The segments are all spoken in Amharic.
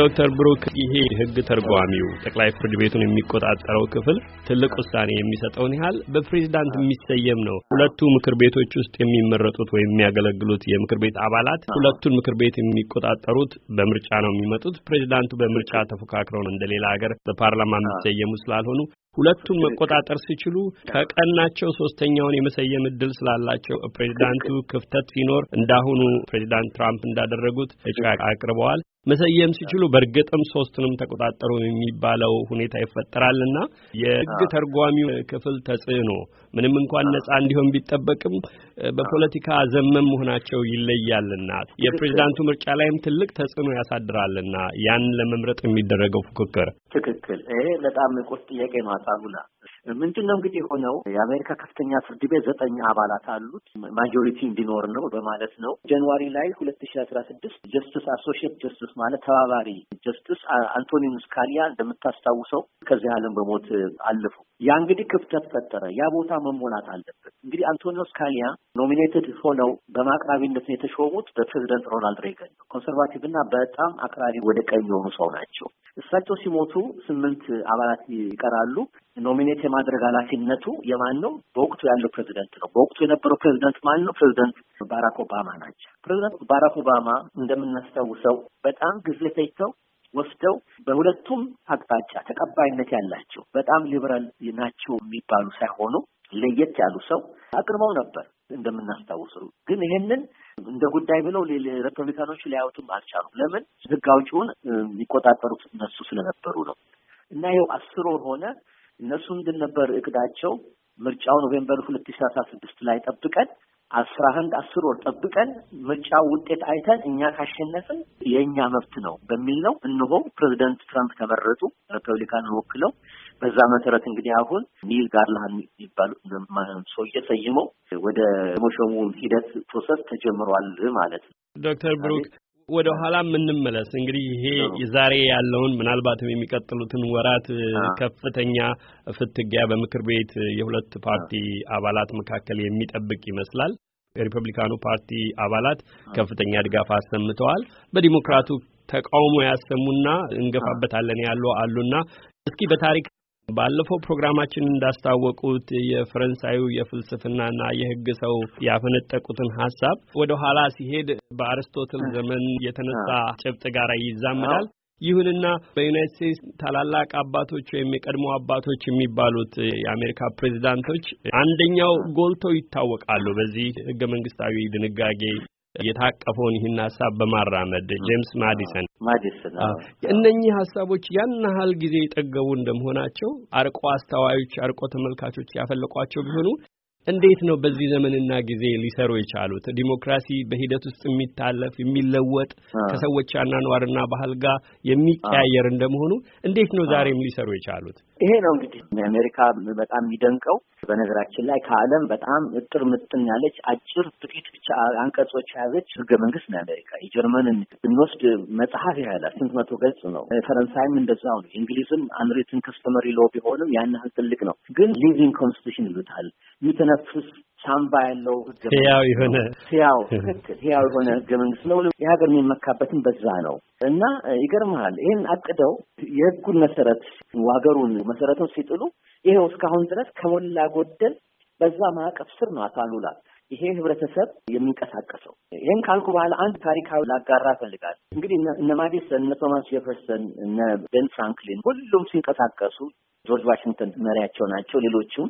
ዶክተር ብሩክ ይሄ ህግ ተርጓሚው ጠቅላይ ፍርድ ቤቱን የሚቆጣጠረው ክፍል ትልቅ ውሳኔ የሚሰጠውን ያህል በፕሬዝዳንት የሚሰየም ነው። ሁለቱ ምክር ቤቶች ውስጥ የሚመረጡት ወይም የሚያገለግሉት የምክር ቤት አባላት ሁለቱን ምክር ቤት የሚቆጣጠሩት በምርጫ ነው የሚመጡት። ፕሬዝዳንቱ በምርጫ ተፎካክረው ነው እንደሌላ ሀገር በፓርላማ የሚሰየሙ ስላልሆኑ ሁለቱም መቆጣጠር ሲችሉ ከቀናቸው ሶስተኛውን የመሰየም እድል ስላላቸው ፕሬዚዳንቱ ክፍተት ሲኖር እንዳሁኑ ፕሬዚዳንት ትራምፕ እንዳደረጉት እጩ አቅርበዋል። መሰየም ሲችሉ በእርግጥም ሶስቱንም ተቆጣጠሩ የሚባለው ሁኔታ ይፈጠራልና የሕግ ተርጓሚው ክፍል ተጽዕኖ ምንም እንኳን ነጻ እንዲሆን ቢጠበቅም በፖለቲካ ዘመም መሆናቸው ይለያልና የፕሬዚዳንቱ ምርጫ ላይም ትልቅ ተጽዕኖ ያሳድራልና ያን ለመምረጥ የሚደረገው ፉክክር ትክክል ይሄ በጣም ቁስ ጥያቄ ነው። አጣቡላ ምንድን ነው እንግዲህ የሆነው የአሜሪካ ከፍተኛ ፍርድ ቤት ዘጠኝ አባላት አሉት ማጆሪቲ እንዲኖር ነው በማለት ነው። ጃንዋሪ ላይ ሁለት ሺ አስራ ስድስት ጀስትስ አሶሺየት ጀስትስ ማለት ተባባሪ ጀስትስ አንቶኒን ስካሊያ እንደምታስታውሰው ከዚህ ዓለም በሞት አለፉ። ያ እንግዲህ ክፍተት ፈጠረ። ያ ቦታ መሞላት አለበት። እንግዲህ አንቶኒዮ ስካሊያ ኖሚኔትድ ሆነው በማቅራቢነት ነው የተሾሙት በፕሬዚደንት ሮናልድ ሬገን ኮንሰርቫቲቭ እና በጣም አክራሪ ወደ ቀኝ የሆኑ ሰው ናቸው። እሳቸው ሲሞቱ ስምንት አባላት ይቀራሉ። ኖሚኔት የማድረግ ኃላፊነቱ የማን ነው? በወቅቱ ያለው ፕሬዚደንት ነው። በወቅቱ የነበረው ፕሬዚደንት ማን ነው? ፕሬዚደንት ባራክ ኦባማ ናቸው። ፕሬዚደንት ባራክ ኦባማ እንደምናስታውሰው በጣም ጊዜ ተይተው ወስደው በሁለቱም አቅጣጫ ተቀባይነት ያላቸው በጣም ሊበራል ናቸው የሚባሉ ሳይሆኑ ለየት ያሉ ሰው አቅርበው ነበር እንደምናስታውሰው ግን ይሄንን እንደ ጉዳይ ብለው ሪፐብሊካኖቹ ሊያዩትም አልቻሉም። ለምን ህግ አውጪውን የሚቆጣጠሩት እነሱ ስለነበሩ ነው። እና ይኸው አስር ወር ሆነ። እነሱ ምንድን ነበር እቅዳቸው? ምርጫው ኖቬምበር ሁለት ሺ አስራ ስድስት ላይ ጠብቀን አስራ አንድ አስር ወር ጠብቀን ምርጫ ውጤት አይተን እኛ ካሸነፍን የእኛ መብት ነው በሚል ነው። እነሆ ፕሬዚደንት ትራምፕ ተመረጡ ሪፐብሊካን ወክለው። በዛ መሰረት እንግዲህ አሁን ኒል ጋርላሃን የሚባሉ ሰውዬ ሰይመው ወደ መሾሙ ሂደት ፕሮሰስ ተጀምሯል ማለት ነው። ዶክተር ብሩክ ወደ ኋላ የምንመለስ እንግዲህ ይሄ ዛሬ ያለውን ምናልባትም የሚቀጥሉትን ወራት ከፍተኛ ፍትጊያ በምክር ቤት የሁለት ፓርቲ አባላት መካከል የሚጠብቅ ይመስላል። የሪፐብሊካኑ ፓርቲ አባላት ከፍተኛ ድጋፍ አሰምተዋል። በዲሞክራቱ ተቃውሞ ያሰሙና እንገፋበታለን ያሉ አሉና እስኪ በታሪክ ባለፈው ፕሮግራማችን እንዳስታወቁት የፈረንሳዩ የፍልስፍናና የሕግ ሰው ያፈነጠቁትን ሀሳብ ወደ ኋላ ሲሄድ በአርስቶትል ዘመን የተነሳ ጭብጥ ጋር ይዛመዳል። ይሁንና በዩናይት ስቴትስ ታላላቅ አባቶች ወይም የቀድሞ አባቶች የሚባሉት የአሜሪካ ፕሬዚዳንቶች አንደኛው ጎልተው ይታወቃሉ በዚህ ህገ መንግስታዊ ድንጋጌ የታቀፈውን ይህን ሀሳብ በማራመድ ጄምስ ማዲሰን ማዲሰን እነኚህ ሀሳቦች ያን ያህል ጊዜ የጠገቡ እንደመሆናቸው አርቆ አስተዋዮች፣ አርቆ ተመልካቾች ያፈለቋቸው ቢሆኑ እንዴት ነው በዚህ ዘመንና ጊዜ ሊሰሩ የቻሉት? ዲሞክራሲ በሂደት ውስጥ የሚታለፍ የሚለወጥ ከሰዎች አኗኗርና ባህል ጋር የሚቀያየር እንደመሆኑ እንዴት ነው ዛሬም ሊሰሩ የቻሉት? ይሄ ነው እንግዲህ አሜሪካ በጣም የሚደንቀው በነገራችን ላይ ከዓለም በጣም እጥር ምጥን ያለች አጭር ጥቂት ብቻ አንቀጾች የያዘች ህገ መንግስት ነው አሜሪካ። የጀርመንን ብንወስድ መጽሐፍ ያህላ ስንት መቶ ገጽ ነው። ፈረንሳይም እንደዛው ነው። እንግሊዝም አንሪትን ከስተመሪ ሎ ቢሆንም ያን ያህል ትልቅ ነው። ግን ሊቪንግ ኮንስቲቱሽን ይሉታል የሚተነፍስ ሳምባ ያለው ህያው የሆነ ያው ትክክል ያው የሆነ ህገ መንግስት ነው። የሀገር የሚመካበትን በዛ ነው እና ይገርመሃል፣ ይህን አቅደው የህጉን መሰረት ዋገሩን መሰረቱን ሲጥሉ ይሄው እስካሁን ድረስ ከሞላ ጎደል በዛ ማዕቀፍ ስር ነው አቶ አሉላ ይሄ ህብረተሰብ የሚንቀሳቀሰው። ይህን ካልኩ በኋላ አንድ ታሪካዊ ላጋራ እፈልጋለሁ። እንግዲህ እነ ማዲሰን፣ እነ ቶማስ ጄፈርሰን፣ እነ ቤን ፍራንክሊን ሁሉም ሲንቀሳቀሱ ጆርጅ ዋሽንግተን መሪያቸው ናቸው። ሌሎችም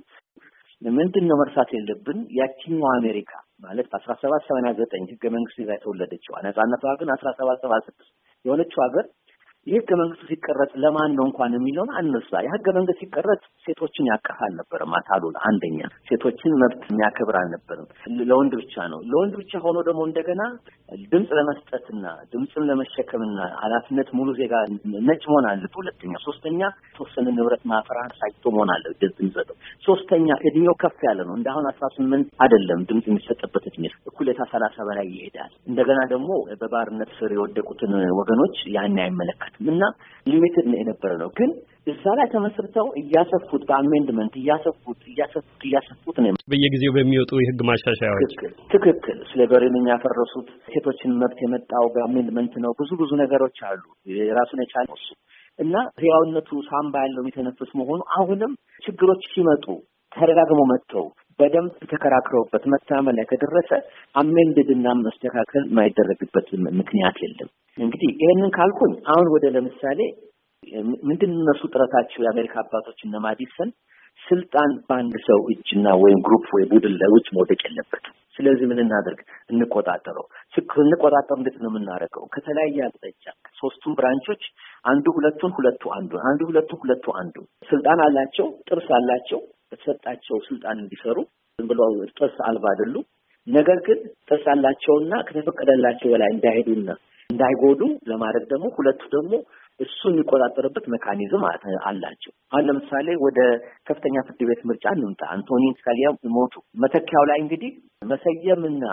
ምንድን ነው መርሳት የለብን ያችኛው አሜሪካ ማለት በአስራ ሰባት ሰማንያ ዘጠኝ ህገ መንግስት ይዛ የተወለደችዋ ነጻነቷ ግን አስራ ሰባት ሰባ ስድስት የሆነችው ሀገር ይህ ህገ መንግስቱ ሲቀረጽ ለማን ነው እንኳን የሚለውን አነሳ። የህገ መንግስት ሲቀረጽ ሴቶችን ያቀፍ አልነበረም። አታሉላ አንደኛ ሴቶችን መብት የሚያከብር አልነበርም። ለወንድ ብቻ ነው። ለወንድ ብቻ ሆኖ ደግሞ እንደገና ድምፅ ለመስጠትና ድምፅን ለመሸከምና ኃላፊነት ሙሉ ዜጋ ነጭ መሆን አለበት። ሁለተኛ ሶስተኛ የተወሰነ ንብረት ማፍራት ሳይቶ መሆን አለ ድምፅ የሚሰጠው። ሶስተኛ እድሜው ከፍ ያለ ነው። እንደ አሁን አስራ ስምንት አይደለም ድምፅ የሚሰጠበት እድሜ እኩሌታ ሰላሳ በላይ ይሄዳል። እንደገና ደግሞ በባርነት ስር የወደቁትን ወገኖች ያን አይመለከት አልነበራትም እና ሊሚትድ ነው የነበረ ነው። ግን እዛ ላይ ተመስርተው እያሰፉት በአሜንድመንት እያሰፉት እያሰፉት እያሰፉት ነው በየጊዜው በሚወጡ የህግ ማሻሻያዎች ትክክል። ስለ ስሌቨሪን ያፈረሱት ሴቶችን መብት የመጣው በአሜንድመንት ነው። ብዙ ብዙ ነገሮች አሉ የራሱን የቻለ እሱ እና ህያውነቱ ሳምባ ያለው የሚተነፍስ መሆኑ አሁንም ችግሮች ሲመጡ ተደጋግሞ መጥተው በደንብ ተከራክረውበት መታመን ላይ ከደረሰ አሜንድድ እና መስተካከል የማይደረግበት ምክንያት የለም። እንግዲህ ይህንን ካልኩኝ አሁን ወደ ለምሳሌ ምንድን እነሱ ጥረታቸው የአሜሪካ አባቶች እነ ማዲሰን ስልጣን በአንድ ሰው እጅና ወይም ግሩፕ ወይ ቡድን ላይ ውጭ መውደቅ የለበትም። ስለዚህ ምን እናደርግ? እንቆጣጠረው። ስክር እንቆጣጠረው። እንዴት ነው የምናደርገው? ከተለያየ አቅጣጫ ሶስቱን ብራንቾች አንዱ ሁለቱን፣ ሁለቱ አንዱ፣ አንዱ አንዱ ሁለቱ ሁለቱ አንዱ ስልጣን አላቸው፣ ጥርስ አላቸው። በተሰጣቸው ስልጣን እንዲሰሩ ዝም ብሎ ጥርስ አልባ አይደሉም። ነገር ግን ጥርስ አላቸውና ከተፈቀደላቸው በላይ እንዳይሄዱና እንዳይጎዱ ለማድረግ ደግሞ ሁለቱ ደግሞ እሱ የሚቆጣጠርበት መካኒዝም አላቸው። አሁን ለምሳሌ ወደ ከፍተኛ ፍርድ ቤት ምርጫ እንምጣ። አንቶኒ ስካሊያ ሞቱ። መተኪያው ላይ እንግዲህ መሰየምና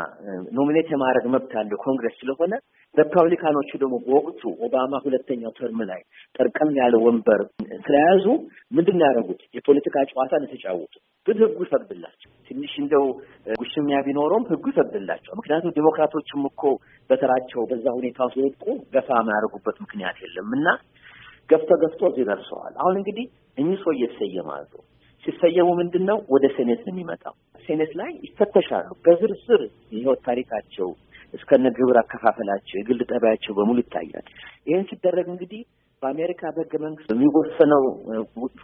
ኖሚኔት የማድረግ መብት ያለው ኮንግረስ ስለሆነ ሪፐብሊካኖቹ ደግሞ በወቅቱ ኦባማ ሁለተኛው ተርም ላይ ጠርቀም ያለ ወንበር ስለያዙ ምንድን ነው ያደረጉት? የፖለቲካ ጨዋታ የተጫወቱ ግን ህጉ ይፈቅድላቸው። ትንሽ እንደው ጉሽሚያ ቢኖረውም ህጉ ይፈቅድላቸው። ምክንያቱም ዴሞክራቶችም እኮ በተራቸው በዛ ሁኔታ ውስጥ ገፋ የማያደርጉበት ምክንያት የለም እና ገፍተ ገፍቶ እዚህ ደርሰዋል። አሁን እንግዲህ እኚህ ሰው እየተሰየማሉ ሲሰየሙ ምንድን ነው ወደ ሴኔት ነው የሚመጣው። ሴኔት ላይ ይፈተሻሉ በዝርዝር የህይወት ታሪካቸው እስከነ ግብር አከፋፈላቸው፣ የግል ጠባያቸው በሙሉ ይታያል። ይህን ሲደረግ እንግዲህ በአሜሪካ በህገ መንግስት የሚወሰነው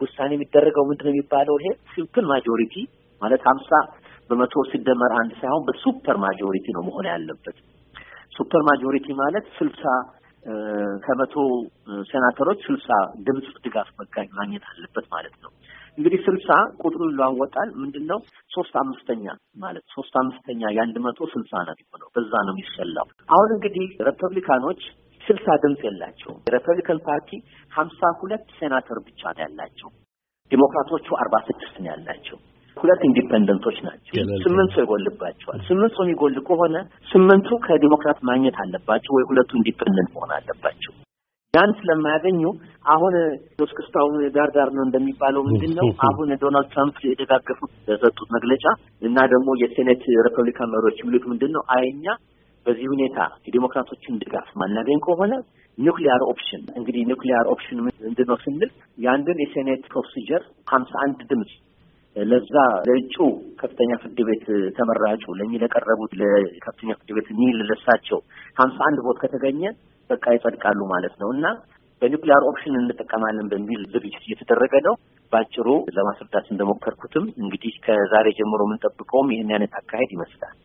ውሳኔ የሚደረገው ምንድን ነው የሚባለው ይሄ ሲምፕል ማጆሪቲ ማለት ሀምሳ በመቶ ሲደመር አንድ ሳይሆን በሱፐር ማጆሪቲ ነው መሆን ያለበት። ሱፐር ማጆሪቲ ማለት ስልሳ ከመቶ ሴናተሮች ስልሳ ድምፅ ድጋፍ መጋኝ ማግኘት አለበት ማለት ነው። እንግዲህ ስልሳ ቁጥሩን ይለዋወጣል። ምንድን ነው ሶስት አምስተኛ ማለት ሶስት አምስተኛ የአንድ መቶ ስልሳ ነው የሚሆነው። በዛ ነው የሚሰላው። አሁን እንግዲህ ሪፐብሊካኖች ስልሳ ድምፅ የላቸውም። የሪፐብሊካን ፓርቲ ሀምሳ ሁለት ሴናተር ብቻ ነው ያላቸው። ዲሞክራቶቹ አርባ ስድስት ነው ያላቸው። ሁለት ኢንዲፐንደንቶች ናቸው። ስምንት ሰው ይጎልባቸዋል። ስምንት ሰው የሚጎል ከሆነ ስምንቱ ከዲሞክራት ማግኘት አለባቸው ወይ ሁለቱ ኢንዲፐንደንት መሆን አለባቸው። ያን ስለማያገኙ አሁን እስክስታው ዳር ዳር ነው እንደሚባለው ምንድን ነው አሁን ዶናልድ ትራምፕ የደጋገፉት በሰጡት መግለጫ እና ደግሞ የሴኔት ሪፐብሊካን መሪዎች የሚሉት ምንድን ነው አይኛ በዚህ ሁኔታ የዴሞክራቶችን ድጋፍ ማናገኝ ከሆነ ኒክሊያር ኦፕሽን እንግዲህ ኒክሊያር ኦፕሽን ምንድን ነው ስንል የአንድን የሴኔት ፕሮሲጀር ሀምሳ አንድ ድምፅ ለዛ ለእጩ ከፍተኛ ፍርድ ቤት ተመራጩ ለእኚህ ለቀረቡት ለከፍተኛ ፍርድ ቤት ሚል ለሳቸው ሀምሳ አንድ ቦት ከተገኘ በቃ ይጸድቃሉ ማለት ነው እና በኒውክሊያር ኦፕሽን እንጠቀማለን በሚል ዝግጅት እየተደረገ ነው። በአጭሩ ለማስረዳት እንደሞከርኩትም እንግዲህ ከዛሬ ጀምሮ የምንጠብቀውም ይህን አይነት አካሄድ ይመስላል።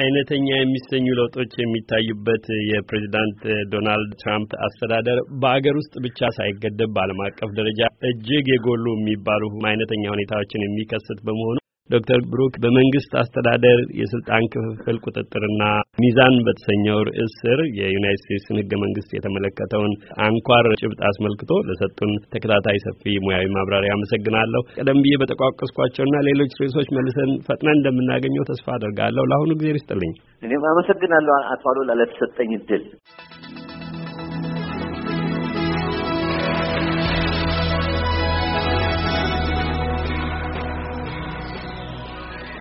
አይነተኛ የሚሰኙ ለውጦች የሚታዩበት የፕሬዚዳንት ዶናልድ ትራምፕ አስተዳደር በአገር ውስጥ ብቻ ሳይገደብ በዓለም አቀፍ ደረጃ እጅግ የጎሉ የሚባሉ አይነተኛ ሁኔታዎችን የሚከሰት በመሆኑ ዶክተር ብሩክ በመንግስት አስተዳደር የስልጣን ክፍፍል ቁጥጥርና ሚዛን በተሰኘው ርዕስ ስር የዩናይት ስቴትስን ህገ መንግስት የተመለከተውን አንኳር ጭብጥ አስመልክቶ ለሰጡን ተከታታይ ሰፊ ሙያዊ ማብራሪያ አመሰግናለሁ። ቀደም ብዬ በጠቋቀስኳቸውና ሌሎች ርዕሶች መልሰን ፈጥነን እንደምናገኘው ተስፋ አድርጋለሁ። ለአሁኑ ጊዜ ይስጥልኝ። እኔም አመሰግናለሁ አቶ አሉላ ለተሰጠኝ እድል።